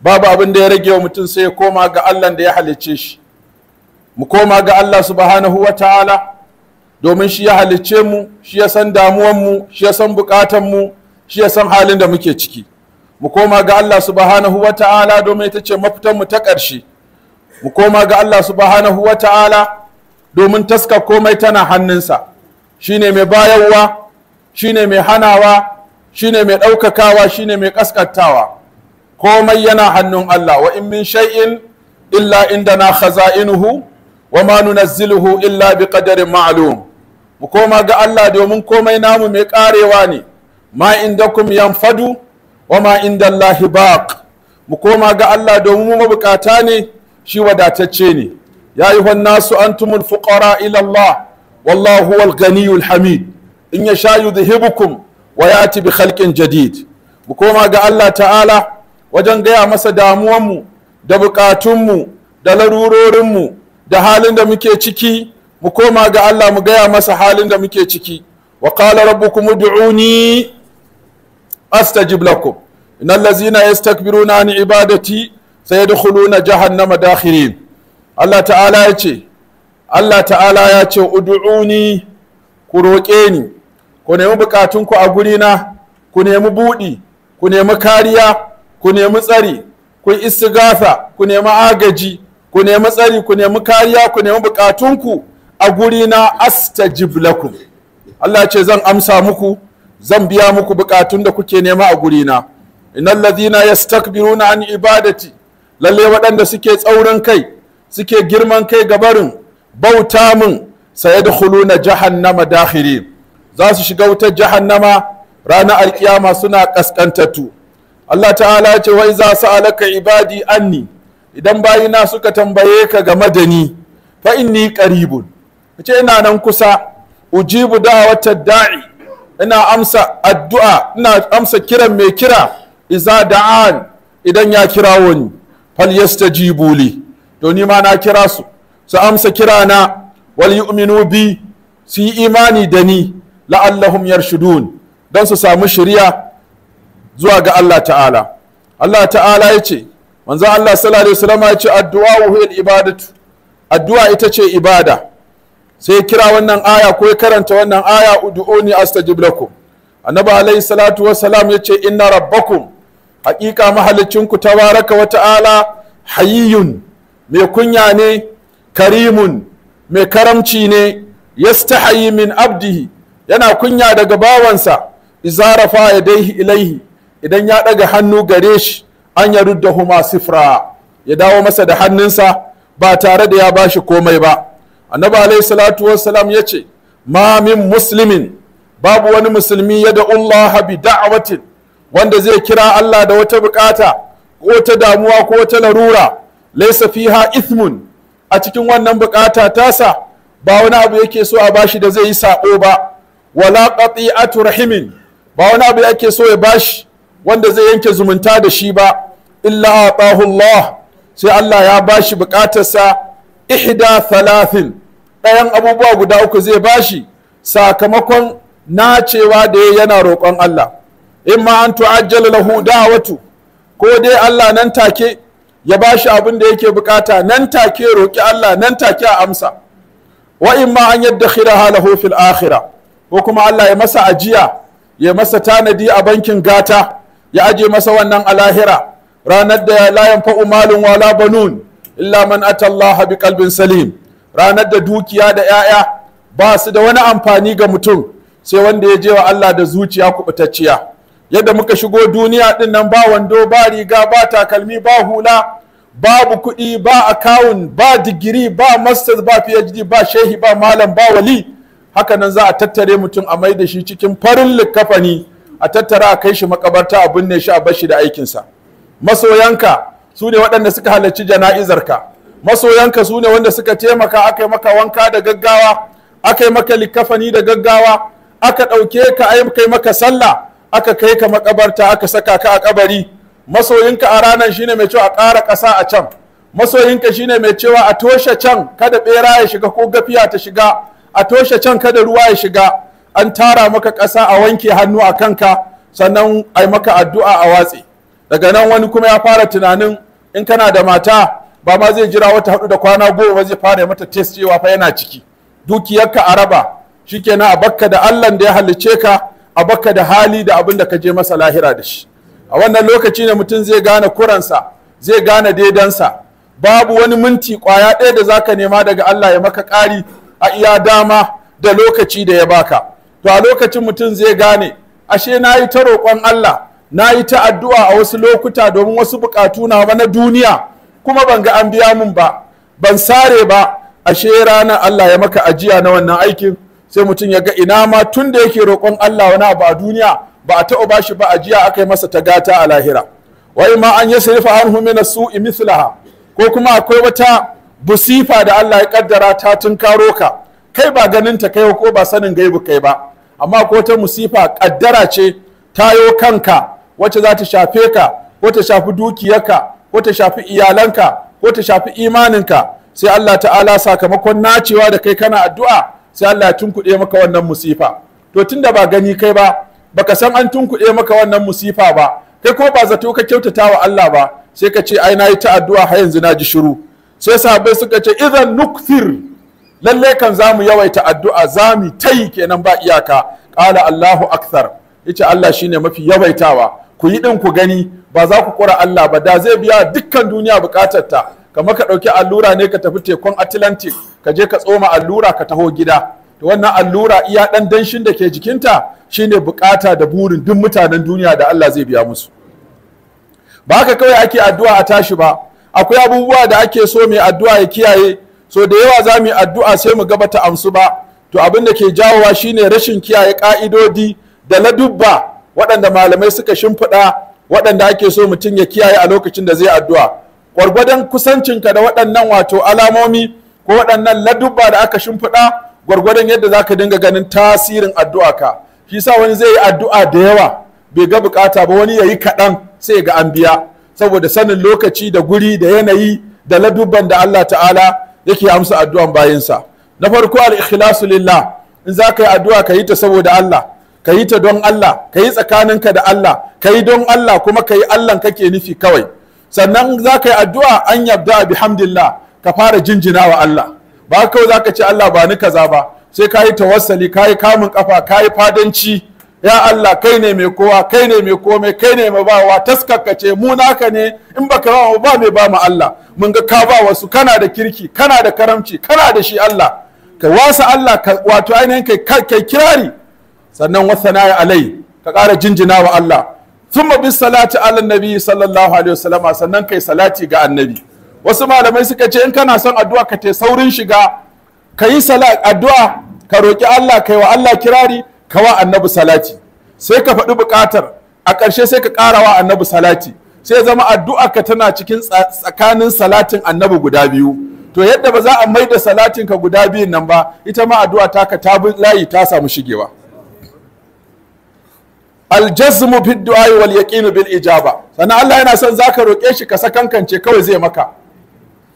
babu abin da ya rage wa mutum sai ya koma ga Allah da ya halicce shi mu koma ga Allah subhanahu wa ta'ala domin shi ya halicce mu shi ya san damuwan mu shi ya san bukatan mu shi ya san halin da muke ciki mu koma ga Allah subhanahu wa ta'ala domin ita ce mafitan mu ta ƙarshe mu koma ga Allah subhanahu wa ta'ala domin taska komai tana hannunsa shine mai bayarwa shine mai hanawa shine mai ɗaukakawa shine mai kaskantawa komai yana hannun Allah wa in min shay'in illa indana khaza'inuhu wa ma nunazziluhu illa bi qadarin ma'lum mu koma ga Allah domin komai namu mai karewa ne ma indakum yanfadu wa ma indallahi baq mu koma ga Allah domin mu mabukata ne shi wadatacce ne ya yi nasu antumul fuqara ila Allah wallahu wal ganiyul hamid in yasha yudhibukum wa yati bi khalqin jadid mu koma ga Allah ta'ala wajen gaya masa damuwanmu da bukatunmu da larurorinmu da halin da muke ciki mu koma ga Allah mu gaya masa halin da muke ciki wa qala rabbukum ud'uni astajib lakum innal ladzina yastakbiruna an ibadati sayadkhuluna jahannama dakhirin Allah ta'ala ya ce Allah ta'ala ya ce ud'uni ku roƙe ni ku nemi bukatunku a gurina ku nemi buɗi ku nemi kariya ku nemi tsari ku istigatha ku nemi agaji ku nemi tsari ku nemi kariya ku nemi bukatunku a guri na astajib lakum Allah ce zan amsa muku zan biya muku bukatun da kuke nema a guri na innal ladina yastakbiruna an ibadati lalle waɗanda suke tsaurin kai suke girman kai ga barin bauta min sayadkhuluna jahannama dakhirin za su shiga wutar jahannama ranar alkiyama suna kaskantattu Allah ta'ala ce wai za su alaka ibadi anni idan bayina suka tambaye ka game da ni fa inni qaribun ce ina nan kusa ujibu da da'wata da'i ina amsa addu'a ina amsa kiran mai kira iza da'an idan ya kira wani fal yastajibu li to ni ma na kira su su amsa kirana wal yu'minu bi su yi imani da ni la'allahum yarshudun don su samu shirya zuwa ga Allah ta'ala Allah ta'ala ya ce manzo Allah sallallahu alaihi ya ce addu'a huwa ibadatu addu'a ita ce ibada sai kira wannan aya ko karanta wannan aya ud'uni astajib lakum annabi alaihi salatu wassalam ya ce inna rabbakum haƙiƙa ta tabaraka wa ta'ala hayyun mai kunya ne karimun mai karamci ne yastahayi min abdihi yana kunya daga bawansa izarafa yadaihi ilaihi idan ya ɗaga hannu gare shi an ya rudda huma sifra ya dawo masa da hannunsa ba tare da ya bashi komai ba annabi alaihi salatu wassalam ya ce ma min muslimin babu wani musulmi ya da Allah bi da'awatin wanda zai kira Allah da wata bukata ko ta damuwa ko ta larura laysa fiha ithmun a cikin wannan bukata tasa ba wani abu yake so a bashi da zai yi sabo ba wala qati'atu rahimin ba wani abu yake so ya bashi wanda zai yanke zumunta da shi ba illa atahu Allah sai Allah ya bashi bukatarsa ihda thalathin ɗayan abubuwa guda uku zai bashi sakamakon nacewa da ya yana roƙon Allah In ma an tu'ajjala lahu da'watu ko dai Allah nan take ya bashi abin da yake bukata nan take roƙi Allah nan take a amsa wa in ma an yaddakhiraha lahu fil akhirah ko kuma Allah ya masa ajiya ya masa tanadi a bankin gata ya aje masa wannan alahira, ranar da ya fa'u malin wala banun illa man atallaha bi qalbin salim ranar da dukiya da 'ya'ya ba su da wani amfani ga mutum sai wanda ya je wa Allah da zuciya kubutacciya yadda muka shigo duniya din nan ba wando ba riga ba takalmi ba hula babu kuɗi ba akawun ba digiri ba masters ba phd ba shehi ba malam ba wali haka nan za a tattare mutum a mai da shi cikin farin likkafani a tattara a kai shi makabarta a binne shi a bar shi da aikinsa masoyanka su ne waɗanda suka halarci jana'izarka masoyanka su ne wanda suka taimaka aka yi maka wanka da gaggawa aka yi maka likafani da gaggawa aka ɗauke ka a yi maka sallah aka kai ka makabarta aka saka ka a kabari masoyinka a ranar shine mai cewa a ƙara ƙasa a can masoyinka shine mai cewa a toshe can kada ɓera ya shiga ko gafiya ta shiga a toshe can kada ruwa ya shiga an tara maka ƙasa a wanke hannu a kanka sannan ai maka addu'a a watsi. daga nan wani kuma ya fara tunanin in kana da mata ba ma zai jira wata haɗu da kwana goma zai fara mata test cewa fa yana ciki dukiyarka a raba shi shikenan a bakka da Allah da ya halicce ka a bakka da hali da abin da ka je masa lahira da shi a wannan lokaci ne mutum zai gane kuransa zai gane daidansa babu wani minti kwaya ɗaya da zaka nema daga Allah ya maka ƙari a iya dama da lokaci da ya baka to a lokacin mutum zai gane ashe na yi ta roƙon Allah na yi ta addu'a a wasu lokuta domin wasu buƙatu na wani duniya kuma ban ga an biya mun ba ban sare ba ashe ranar Allah ya maka ajiya na wannan aikin sai mutum ya ga ina ma tun da yake roƙon Allah wani abu a duniya ba a taɓa shi ba ajiya aka yi masa ta gata a lahira wai ma an yi sarifa anhu su su mislaha ko kuma akwai wata busifa da Allah ya kaddara ta tun karo ka kai ba ganin ta kai ko ba sanin gaibu kai ba amma ko ta musifa kaddara ce ta tayo kanka wacce za ta shafe ka ko ta shafi dukiyarka ko ta shafi iyalanka ko ta shafi imaninka sai Allah ta'ala sakamakon nacewa da kai kana addu'a sai Allah ya tunkuɗe maka wannan musifa to tunda ba gani kai ba baka san an tunkuɗe maka wannan musifa ba kai ko ba zato ka kyautata wa Allah ba sai ka ce ai yi ta addu'a har yanzu na ji shiru sai sahabbai suka ce idan nukthir lalle kan za mu yawaita addu'a za zamu tayi kenan ba iyaka ƙala Allahu akthar yace Allah shine mafi yawaitawa ku yi ɗin ku gani ba za ku ƙura Allah ba da zai biya dukkan duniya bukatar ta kamar ka ɗauki allura ne ka tafi tekun Atlantic ka je ka tsoma allura ka taho gida to wannan allura iya ɗan danshin da ke jikinta shine buƙata da burin duk mutanen duniya da Allah zai biya musu ba haka kawai ake addu'a a tashi ba akwai abubuwa da ake so mai addu'a ya kiyaye so da yawa za mu yi addu'a sai mu gaba ta amsu ba to abin da ke jawowa shine rashin kiyaye ka'idodi da na dubba waɗanda malamai suka shimfiɗa waɗanda ake so mutum ya kiyaye a lokacin da zai addu'a gwargwadon kusancinka da waɗannan wato alamomi ko waɗannan ladubba da aka shimfiɗa gwargwadon yadda za ka dinga ganin tasirin addu'a ka shi sa wani zai yi addu'a da yawa bai ga bukata ba wani ya yi kaɗan sai ga an biya saboda sanin lokaci da guri da yanayi da ladubban da Allah ta'ala yake amsa addu'an bayinsa na farko al-ikhlasu lillah in za ka yi addu'a ka yi ta saboda Allah ka yi ta don Allah ka yi tsakaninka da Allah ka yi don Allah kuma ka yi Allah kake nufi kawai sannan za ka yi addu'a an yabda bihamdillah ka fara jinjina wa Allah ba kawai za ka ce Allah ba ni kaza ba sai ka yi tawassali ka yi kamun kafa ka yi fadanci ya Allah kai ne mai kowa kai ne mai komai kai ne mai bawa taskakace mu naka ne in baka ba ba mai ba mu Allah mun ga ka ba wasu kana da kirki kana da karamci kana da shi Allah ka wasa Allah ka wato ainihin kai kai kirari sannan wasana ya alai ka ƙara jinjina wa Allah thumma bis salati ala nabi sallallahu alaihi wasallam sannan kai salati ga annabi wasu malamai suka ce in kana son addu'a ka te saurin shiga ka yi addu'a ka roki Allah kai wa Allah kirari kawa annabi salati sai ka faɗi buƙatar a ƙarshe sai ka ƙarawa annabi salati sai zama ka tana cikin tsakanin salatin annabi guda biyu to yadda ba za a mai da salatin ka guda biyun nan ba ita ma addu'a ta ka ta layi ta samu shigewa aljazmu fi du'ai wal yaqinu bil ijaba sannan Allah yana son zaka roke shi ka sakankance kawai zai maka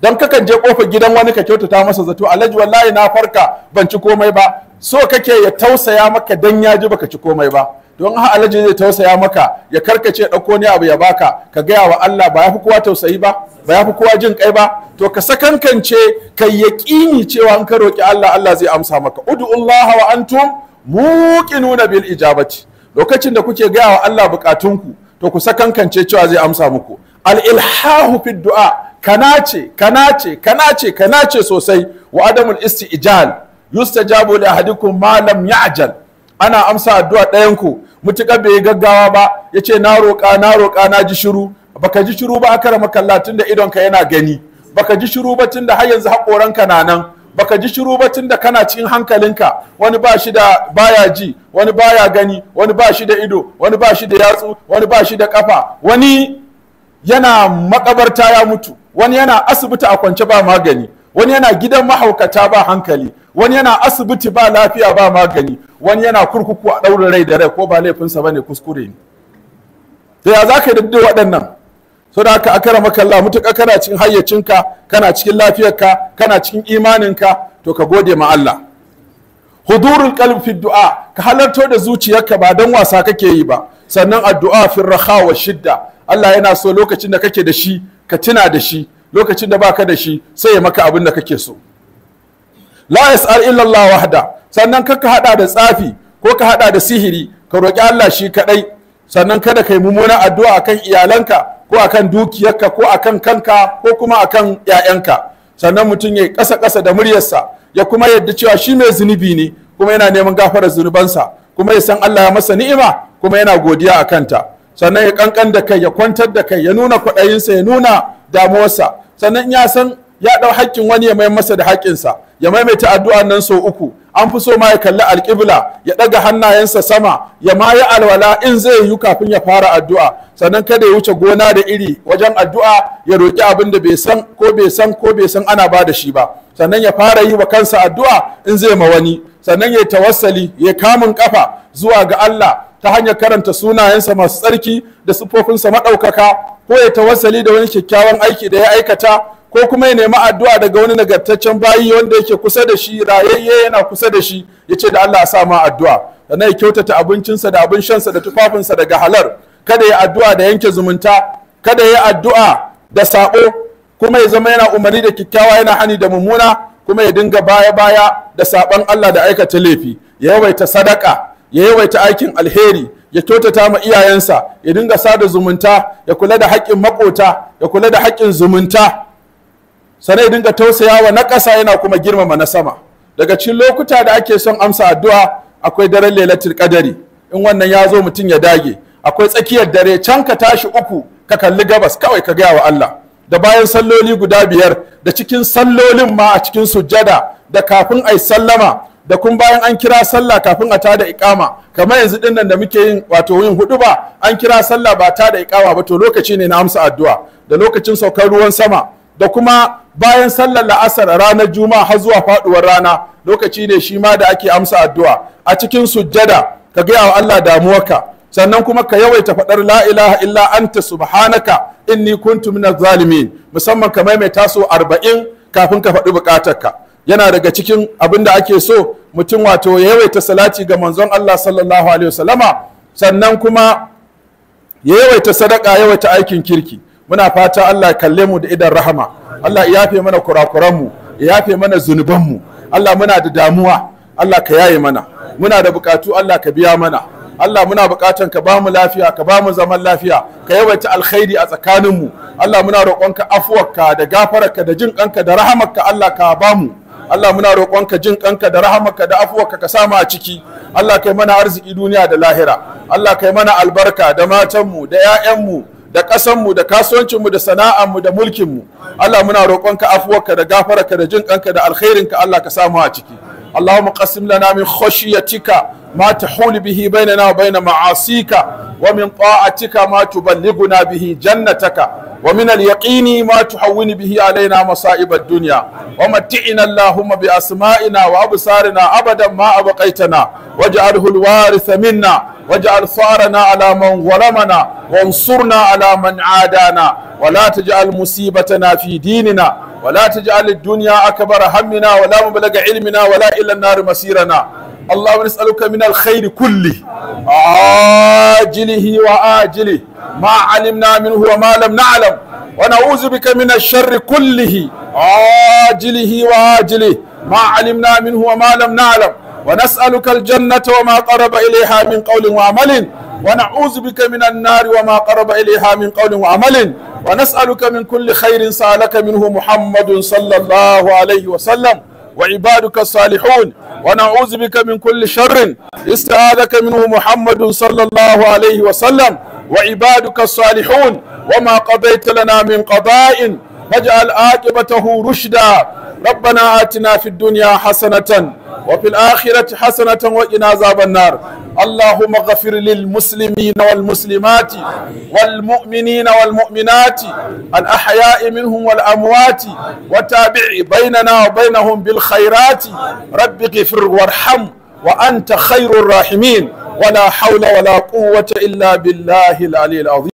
dan kakan je kofar gidan wani ka kyautata masa zato alhaji wallahi na farka ban ci komai ba so kake ya tausaya maka dan ya ji baka ci komai ba don ha alaji zai tausaya maka ya karkace ɗauko ne abu ya baka ka gaya wa Allah ba ya fi kowa tausayi ba ba ya fi kowa jin kai ba to ka sakankance ka yaƙini cewa in ka roki Allah Allah zai amsa maka Udu ud'ullaha wa antum muqinuna bil ijabati lokacin da kuke gaya wa Allah bukatunku to ku sakankance cewa zai amsa muku al ilhahu fid du'a kanace kanace kanace kanace sosai wa adamul isti'jal yustajabu li ahadikum ma lam ya'jal ana amsa addu'a ɗayan ku mutuka bai gaggawa ba yace na roƙa na roƙa na ji shiru baka ji shiru ba aka rama tunda idon ka yana gani baka ji shiru ba tunda har yanzu haƙoranka na nan baka ji shiru ba tunda kana cikin hankalinka wani ba shi da baya ji wani baya gani wani ba shi da ido wani ba shi da yatsu wani ba shi da kafa wani yana makabarta ya mutu wani yana asibiti a kwance ba magani wani yana gidan mahaukata ba hankali wani yana asibiti ba lafiya ba magani wani yana kurkuku a ɗaurin rai da rai ko ba laifinsa ba ne kuskure ne da ya za ka yi daidai waɗannan so da aka akara makalla mutuƙa kana cikin hayyacinka kana cikin lafiyarka kana cikin imaninka to ka gode ma Allah hudurul qalb du'a ka halarto da zuciyarka ba dan wasa kake yi ba sannan addu'a fin raha shidda Allah yana so lokacin da kake da shi ka tuna da shi lokacin da baka da shi sai ya maka abin da kake so la yas'al illa Allah wahda sannan kaka hada da tsafi ko ka hada da sihiri ka roki Allah shi kadai sannan kada kai mummunan addu'a akan iyalanka ko akan dukiyarka ko akan kanka ko kuma akan 'ya'yanka sannan mutum ya kasa kasa da muryarsa ya kuma yadda cewa shi mai zunubi ne kuma yana neman gafara zunubansa kuma ya san Allah ya masa ni'ima kuma yana godiya a kanta sannan ya kankan da kai ya kwantar da kai ya nuna kwaɗayinsa ya nuna damuwarsa sannan ya san ya ɗau haƙƙin wani ya mai masa da haƙƙinsa ya maimaita addu'a nan sau uku an fi so ma ya kalli alƙibla ya ɗaga hannayensa sama ya ma yi alwala in zai yi kafin ya fara addu'a sannan kada ya wuce gona da iri wajen addu'a ya roƙi abin da bai san ko bai san ko bai san ana ba da shi ba sannan ya fara yi wa kansa addu'a in zai ma wani sannan ya tawassali ya kamun kafa zuwa ga Allah ta hanyar karanta sunayensa masu tsarki da siffofinsa maɗaukaka ko ya tawassali da wani kyakkyawan aiki da ya aikata ko kuma ya nemi addu'a daga wani nagartaccen bayi wanda yake kusa da shi rayayye yana kusa da shi ya ce da Allah ya sa ma addu'a sannan ya kyautata abincinsa da abin shansa da tufafinsa daga halar kada ya addu'a da yanke zumunta kada ya addu'a da sabo kuma ya zama yana umarni da kyakkyawa yana hani da mummuna kuma ya dinga baya baya da saban Allah da aikata laifi ya yawaita sadaka ya yawaita aikin alheri ya kyautata ma iyayensa ya dinga sada zumunta ya kula da haƙƙin maƙota ya kula da haƙƙin zumunta sanai dinga tausayawa na ƙasa yana kuma girmama na sama daga cikin lokuta da ake son amsa addu'a akwai daren lailatul qadari in wannan ya zo mutum ya dage akwai tsakiyar dare can ka tashi uku ka kalli gabas kawai ka gaya wa Allah da bayan salloli guda biyar da cikin sallolin ma a cikin sujjada da kafin ai sallama da kun bayan an kira sallah kafin a tada ikama kamar yanzu din nan da muke yin wato yin hudu ba an kira sallah ba tada ikama ba to lokaci ne na amsa addu'a da lokacin saukar ruwan sama da kuma bayan sallar la'asar ranar juma'a har zuwa faduwar rana lokaci ne shi ma da ake amsa addu'a a cikin sujjada ka gaya wa Allah damuwarka sannan kuma ka yawaita faɗar la ilaha illa anta subhanaka inni kuntu minaz zalimin musamman ka maimaita su arba'in kafin ka faɗi ka yana daga cikin abin da ake so mutum wato ya yawaita salati ga manzon Allah sallallahu alaihi wasallama sannan kuma ya yawaita sadaka yawaita aikin kirki muna fata Allah kalle mu da idan rahama Allah ya yafe mana kurakuranmu ya yafe mana zunubanmu Allah muna da damuwa Allah ka yaye mana muna da bukatu Allah ka biya mana Allah muna bukatan ka bamu lafiya ka bamu zaman lafiya ka yawaita alkhairi a tsakaninmu Allah muna roƙonka afuwarka da gafararka da jin ƙanka da rahamarka Allah ka bamu Allah muna roƙonka jin ƙanka da rahamarka da afuwarka ka mu a ciki Allah kai mana arziki duniya da lahira Allah kai mana albarka da matanmu da 'ya'yanmu da ƙasanmu da kasuwancinmu da sana'armu da mulkinmu Allah muna roƙonka afuwarka da gafararka da jinƙanka da alkhairinka Allah ka samu a ciki اللهم قسم لنا من خشيتك ما تحول به بيننا وبين معاصيك ومن طاعتك ما تبلغنا به جنتك ومن اليقين ما تحول به علينا مصائب الدنيا ومتعنا اللهم بأسمائنا وأبصارنا أبدا ما أبقيتنا واجعله الوارث منا واجعل ثارنا على من ظلمنا وانصرنا على من عادانا ولا تجعل مصيبتنا في ديننا ولا تجعل الدنيا أكبر همنا ولا مبلغ علمنا ولا إلى النار مسيرنا اللهم نسألك من الخير كله عاجله وآجله ما علمنا منه وما لم نعلم ونعوذ بك من الشر كله عاجله وآجله ما علمنا منه وما لم نعلم ونسألك الجنة وما قرب إليها من قول وعمل ونعوذ بك من النار وما قرب إليها من قول وعمل ونسألك من كل خير سألك منه محمد صلى الله عليه وسلم وعبادك الصالحون ونعوذ بك من كل شر استعاذك منه محمد صلى الله عليه وسلم وعبادك الصالحون وما قضيت لنا من قضاء فاجعل عاقبته رشدا ربنا آتنا في الدنيا حسنة وفي الآخرة حسنة وقنا عذاب النار اللهم اغفر للمسلمين والمسلمات والمؤمنين والمؤمنات الأحياء منهم والأموات وتابع بيننا وبينهم بالخيرات رب اغفر وارحم وأنت خير الراحمين ولا حول ولا قوة إلا بالله العلي العظيم